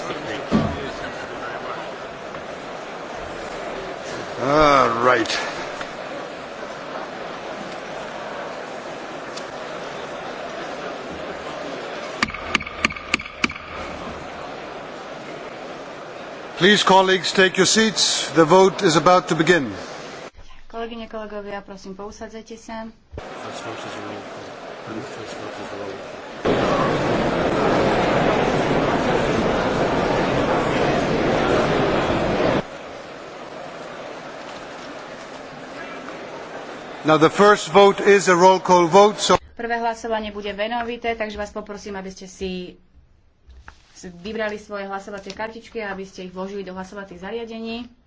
fantastic All right. Please, colleagues, take your seats. The vote is about to begin. Kolegyne, kolegovia, prosím, pousadzajte sa. First vote is a roll call. First vote is a roll call. Prvé hlasovanie bude venovité, takže vás poprosím, aby ste si vybrali svoje hlasovacie kartičky a aby ste ich vložili do hlasovacích zariadení.